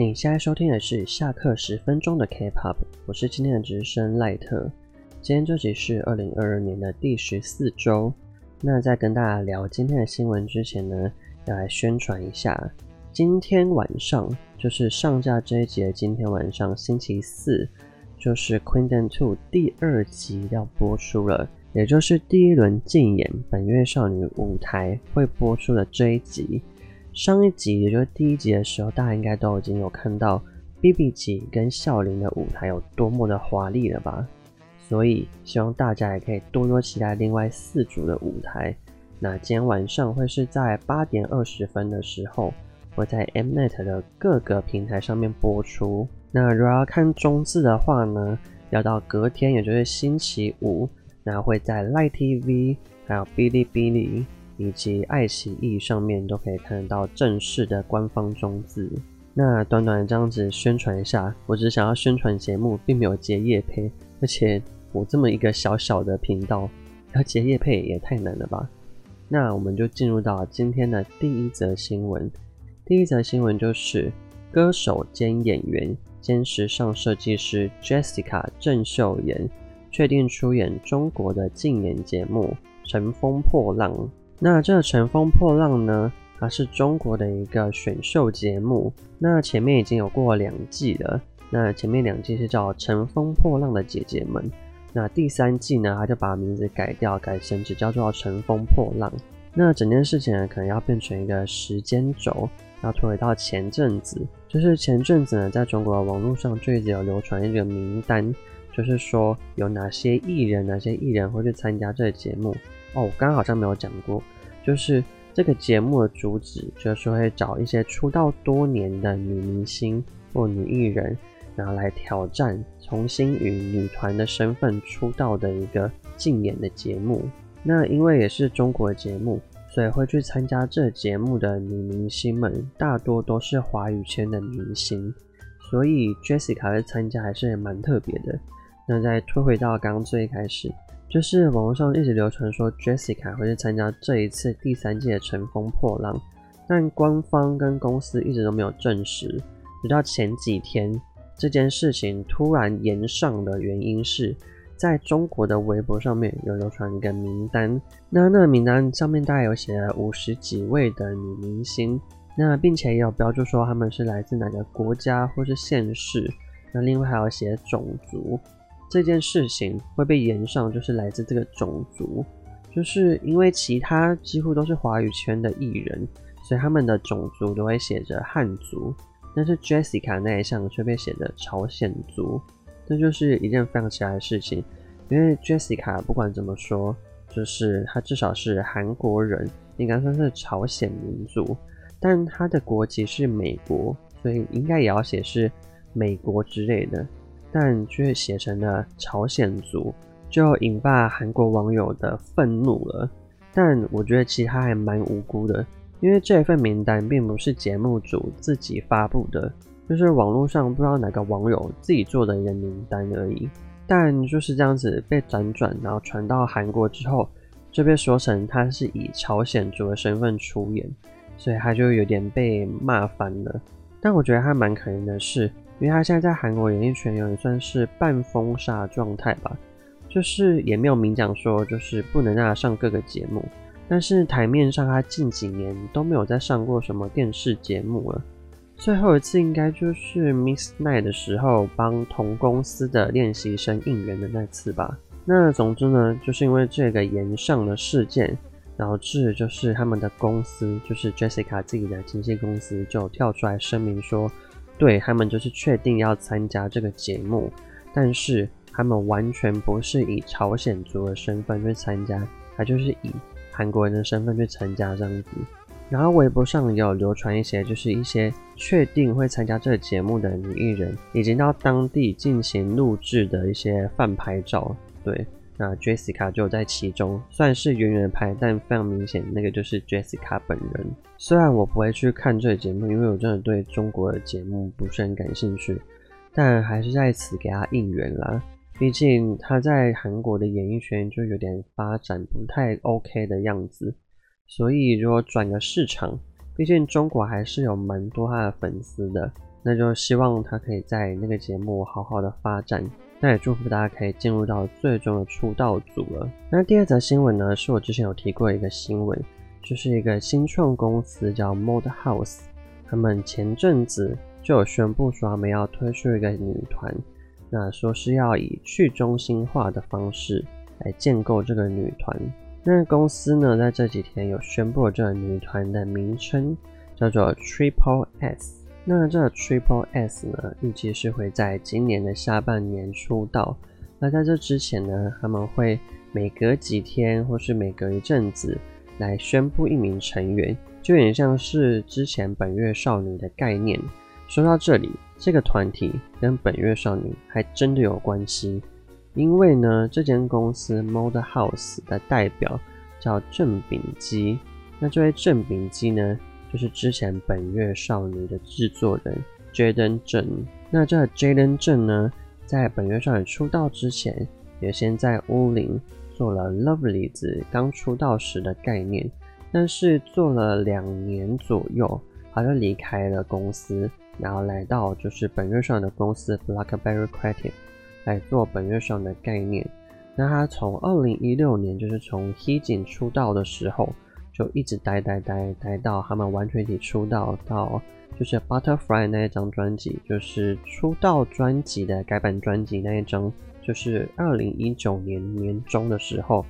你現在收聽的是下課十分鐘的 K-pop，我是今天的值日生，賴特。今天這集是二零二二年的第十四周。那在跟大家聊今天的新聞之前呢，要來宣傳一下，今天晚上就是上架這一集的，今天晚上星期四就是《Queendom Two》第二集要播出了，也就是第一輪競演本月少女舞台會播出的這一集。上一集，也就是第一集的時候，大家應該都已經有看到 BBG 跟孝琳的舞台有多麼的華麗了吧？所以希望大家也可以多多期待另外四組的舞台。那今天晚上會是在八點二十分的時候，會在 Mnet 的各個平台上面播出。那如果要看中字的話呢，要到隔天，也就是星期五，那會在 Light TV 還有嗶哩嗶哩。以及愛奇藝上面都可以看得到正式的官方中字。那短短這樣子宣傳一下，我只想要宣傳節目，並沒有接業配。而且我這麼一個小小的頻道，要接業配也太難了吧？那我們就進入到今天的第一則新聞。第一則新聞就是歌手兼演員兼時尚設計師 Jessica 鄭秀妍確定出演中國的競演節目《乘風破浪》。那這個《乘風破浪》呢，它是中國的一個選秀節目。那前面已經有過兩季了。那前面兩季是叫《乘風破浪的姐姐們》。那第三季呢，它就把名字改掉，改成只叫做《乘風破浪》。那整件事情呢，可能要變成一個時間軸，要推回到前陣子。就是前陣子呢，在中國的網絡上，最近有流傳一個名單，就是說有哪些藝人、哪些藝人會去參加這個節目。哦，我剛剛好像沒有講過，就是這個節目的主旨就是會找一些出道多年的女明星或女藝人，拿來挑戰重新以女團的身份出道的一個競演的節目。那因為也是中國的節目，所以會去參加這節目的女明星們大多都是華語圈的明星，所以 Jessica 的參加還是蠻特別的。那再推回到剛剛最開始。就是網絡上一直流傳說 Jessica 會去參加這一次第三屆的《乘風破浪》，但官方跟公司一直都沒有證實。直到前幾天，這件事情突然延上的原因是，在中國的微博上面有流傳一個名單，那那個名單上面大概有寫了五十幾位的女明星，那並且也有標注說他們是來自哪個國家或是縣市，那另外還有寫種族。這件事情會被炎上，就是來自這個種族，就是因為其他幾乎都是華語圈的藝人，所以他們的種族都會寫着漢族，但是 Jessica 那一項却被寫着朝鮮族，這就是一件非常奇怪的事情。因為 Jessica 不管怎麼說，就是他至少是韓國人，應該算是朝鮮民族，但他的國籍是美國，所以應該也要寫是美國之類的。但卻寫成了朝鮮族，就引發韓國網友的憤怒了。但我覺得其實他還蠻無辜的，因為這份名單並不是節目組自己發布的，就是網絡上不知道哪個網友自己做的人名單而已。但就是這樣子被輾轉、轉，然後傳到韓國之後，就被說成他是以朝鮮族的身份出演，所以他就有點被罵翻了。但我覺得他蠻可憐的是。因為他現在在韓國演藝圈有點算是半封殺狀態吧，就是也沒有明講說就是不能讓他上各個節目，但是台面上他近幾年都沒有再上過什麼電視節目了，最後一次應該就是 Miss Night 的時候幫同公司的練習生應援的那次吧。那總之呢，就是因為這個炎上的事件，導致就是他們的公司，就是 Jessica 自己的經紀公司就跳出來聲明說。對，他們就是確定要參加這個節目，但是他們完全不是以朝鮮族的身份去參加，他就是以韓國人的身份去參加這樣子。然後微博上也有流傳一些，就是一些確定會參加這個節目的女藝人，已經到當地進行錄製的一些飯拍照，對。那 Jessica 就在其中，算是遠遠的拍，但非常明顯，那個就是 Jessica 本人。雖然我不會去看這個節目，因為我真的對中國的節目不是很感興趣，但還是在此給他應援啦。畢竟他在韓國的演藝圈就有點發展不太 OK 的樣子，所以如果轉個市場，畢竟中國還是有蠻多他的粉絲的，那就希望他可以在那個節目好好的發展。那也祝福大家可以進入到最終的出道組了。那第二則新聞呢，是我之前有提過一個新聞，就是一個新創公司叫 Mode House，他們前陣子就有宣布說他們要推出一個女團，那說是要以去中心化的方式來建構這個女團。那公司呢，在這幾天有宣布了這個女團的名稱，叫做 TripleS。那這 Triple S 呢，預計是會在今年的下半年出道。那在這之前呢，他們會每隔幾天或是每隔一陣子來宣布一名成員，就有點像是之前本月少女的概念。說到這裡，這個團體跟本月少女還真的有關係，因為呢，這間公司 Model House 的代表叫鄭秉基。那這位鄭秉基呢，就是之前本月少女的製作人 Jaden Jeong，那這 Jaden Jeong 呢，在本月少女出道之前，也先在烏林做了 Lovelyz 剛出道時的概念，但是做了兩年左右，他就離開了公司，然後來到就是本月少女的公司 BlockBerry Creative 來做本月少女的概念。那他從2016年就是從 HeeJin 出道的時候，就一直待待待待到他們完全體出道，到就是 Butterfly 那一張專輯，就是出道專輯的改版專輯那一張，就是二零一九年年中的時候，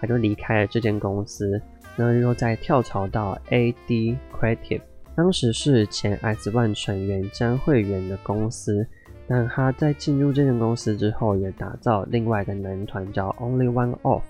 他就離開了這間公司。然後又再跳槽到 AD Creative，當時是前 X1 成員張慧媛的公司。但他在進入這間公司之後，也打造了另外一個男團叫 OnlyOneOf。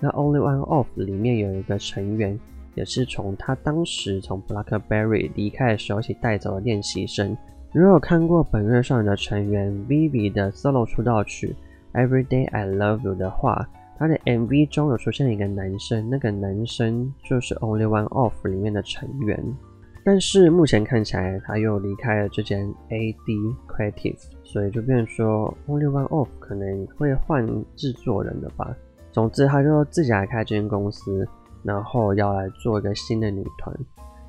那 OnlyOneOf 裡面有一個成員，也是從他當時從 Blackberry 離開的時候一起帶走的練習生。如果有看過本月少女的成員 Vivi 的 solo 出道曲 Everyday I Love You 的話，他的 MV 中有出現一個男生，那個男生就是 OnlyOneOf 裡面的成員。但是目前看起來他又離開了這間 AD Creative，所以就變成說 OnlyOneOf 可能會換製作人了吧。總之，他就自己來開這間公司，然後要來做一個新的女團。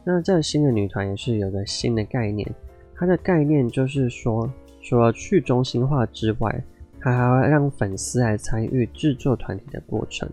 那這個新的女團也是有個新的概念，它的概念就是說，除了去中心化之外，它還要讓粉絲來參與製作團體的過程。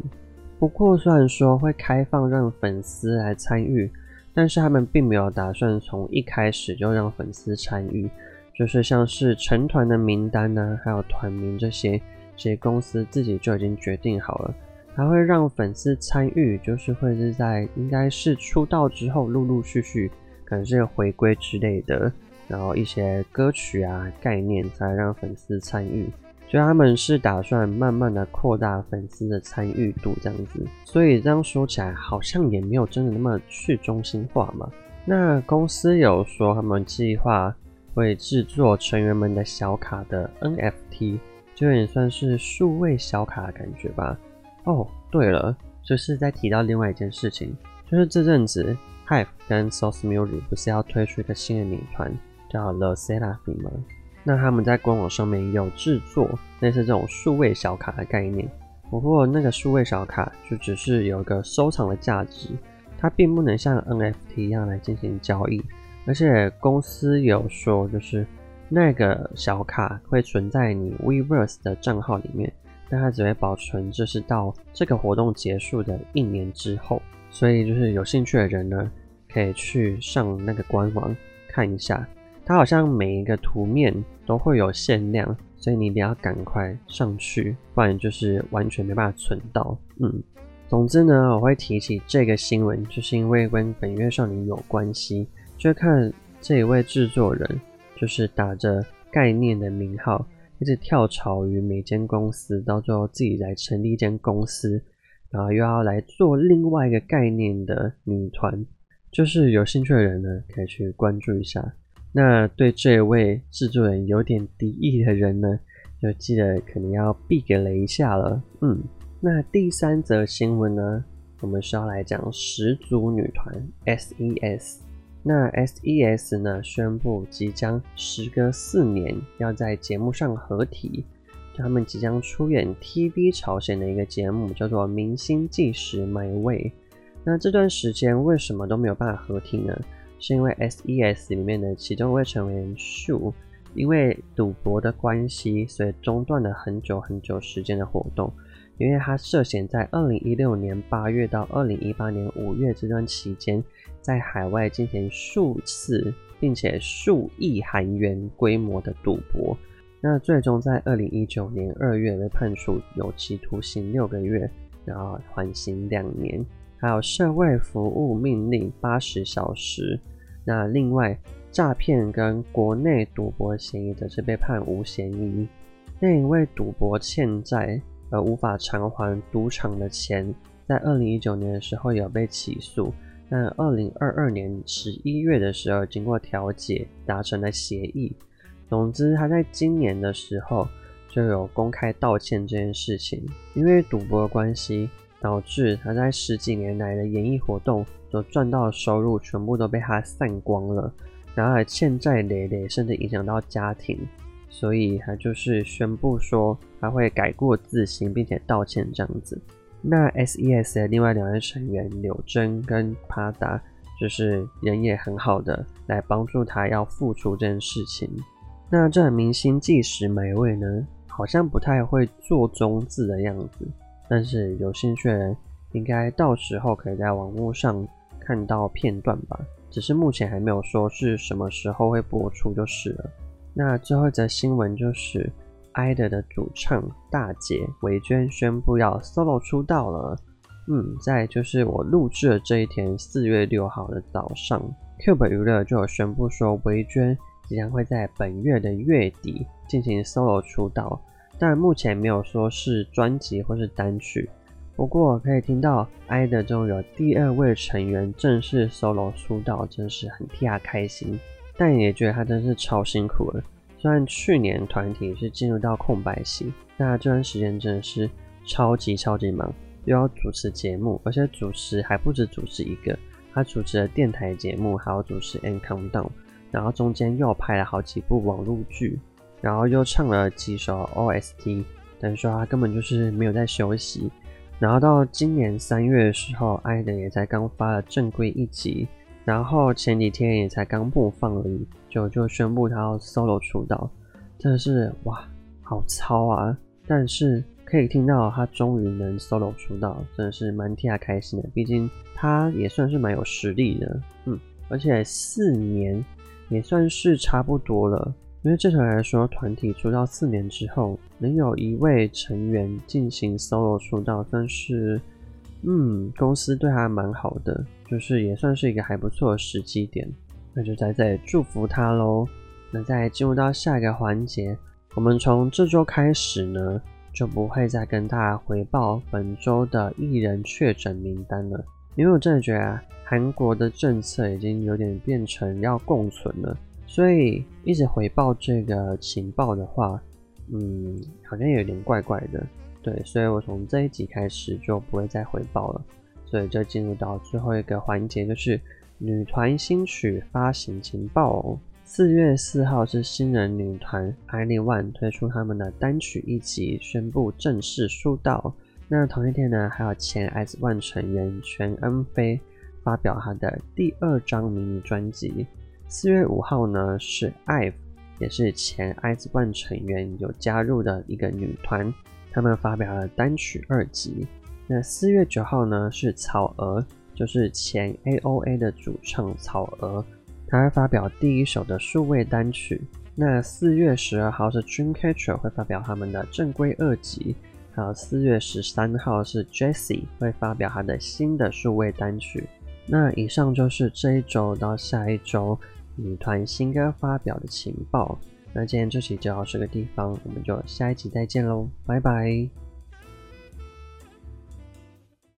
不過，雖然說會開放讓粉絲來參與，但是他們並沒有打算從一開始就讓粉絲參與，就是像是成團的名單吶，還有團名這些。這些公司自己就已經決定好了，它會讓粉絲參與，就是會是在應該是出道之後，陸陸續續，可能是回歸之類的，然後一些歌曲啊、概念，才讓粉絲參與。就他們是打算慢慢的擴大粉絲的參與度這樣子，所以這樣說起來，好像也沒有真的那麼去中心化嘛。那公司有說他們計劃會製作成員們的小卡的 NFT。就也算是數位小卡的感覺吧。哦，對了，就是在提到另外一件事情，就是這陣子 HYBE 跟 Source Music 不是要推出一個新的女團，叫 LE SSERAFIM 嗎？那他們在官網上面有制作類似這種數位小卡的概念，不過那個數位小卡就只是有一個收藏的價值，它並不能像 NFT 一樣來進行交易，而且公司有說就是。那個小卡會存在你 Weverse 的賬號裡面，但它只會保存，就是到這個活動結束的一年之後。所以，就是有興趣的人呢，可以去上那個官網看一下。它好像每一個圖面都會有限量，所以你一定要趕快上去，不然就是完全沒辦法存到。嗯，總之呢，我會提起這個新聞，就是因為跟本月少女有關係，就看這一位制作人。就是打着概念的名號，一直跳槽於每間公司，到最後自己來成立一間公司，然後又要來做另外一個概念的女團。就是有興趣的人呢，可以去關注一下。那對這位制作人有點敵意的人呢，就記得可能要避雷一下了。嗯，那第三則新聞呢，我們需要來講始祖女團 S.E.S。那 S.E.S 呢，宣布即將時隔四年要在節目上合體。就他們即將出演 TV 朝鮮的一個節目，叫做《明星計時 My Way》。那這段時間為什麼都沒有辦法合體呢？是因為 S.E.S 裡面的其中一位成員 Shoo 因為賭博的關係，所以中斷了很久很久時間的活動。因為他涉嫌在二零一六年八月到二零一八年五月這段期間，在海外進行數次並且數億韓元規模的賭博，那最終在二零一九年二月被判處有期徒刑六個月，然後緩刑兩年，還有社會服務命令八十小時。那另外詐騙跟國內賭博嫌疑則是被判無嫌疑。那因為賭博欠債。而無法償還賭場的錢，在二零一九年的時候有被起訴，但二零二二年十一月的時候經過調解達成了協議。總之，他在今年的時候就有公開道歉這件事情，因為賭博的關係，導致他在十幾年來的演藝活動所賺到的收入全部都被他散光了，然而，欠債累累，甚至影響到家庭。所以他就是宣布說他會改過自新，並且道歉這樣子。那 S E S 的另外兩位成員柳真跟帕達就是人也很好的，來幫助他要復出這件事情。那這明星即使沒位呢，好像不太會做中字的樣子，但是有興趣的人應該到時候可以在網絡上看到片段吧。只是目前還沒有說是什麼時候會播出就是了。那最後一則新聞就是 I-DLE 的主唱大姐薇娟宣布要 solo 出道了。嗯，再就是我錄制的這一天，四月六號的早上，Cube 娛樂就有宣布說，薇娟即將會在本月的月底進行 solo 出道，但目前沒有說是專輯或是單曲。不過可以聽到 I-DLE 中有第二位成員正式 solo 出道，真是很替他開心。但也覺得他真是超辛苦了。雖然去年團體是進入到空白期，但他這段時間真的是超級超級忙，又要主持節目，而且主持還不止主持一個，他主持了電台節目，還要主持 N Countdown，然後中間又拍了好幾部網絡劇，然後又唱了幾首 OST，等於說他根本就是沒有在休息。然後到今年三月的時候，艾倫也才剛發了正規一輯。然後前幾天也才剛播放而已，就就宣布他要 solo 出道，真的是哇，好超啊！但是可以聽到他終於能 solo 出道，真的是蠻替他開心的。畢竟他也算是蠻有實力的，嗯，而且四年也算是差不多了，因為正常來說，團體出道四年之後，能有一位成員進行 solo 出道，算是。嗯，公司對他蠻好的，就是也算是一個還不錯的時機點，那就再再祝福他嘍。那再進入到下一個環節，我們從這周開始呢，就不會再跟大家回報本周的藝人確診名單了，因為我真的覺得啊，韓國的政策已經有點變成要共存了，所以一直回報這個情報的話，嗯，好像有點怪怪的。對，所以我從這一集開始就不會再回報了，所以就進入到最後一個環節，就是女團新曲發行情報，哦。四月四號是新人女團 ILY ONE 推出他們的單曲 EP，宣布正式出道。那同一天呢，還有前 IZ*ONE 成員全恩妃發表她的第二張迷你專輯。四月五號呢是 IVE，也是前 IZ*ONE 成員有加入的一個女團。他們發表了單曲二輯，那四月九號呢是草娥，就是前 A.O.A 的主唱草娥，她會發表第一首的數位單曲。那四月十二號是 Dreamcatcher 會發表他們的正規二輯，還有四月十三號是 Jessie 會發表她的新的數位單曲。那以上就是這一周到下一周女團新歌發表的情報。那今天這期就到這個地方，我們就下一集再見嘍，拜拜。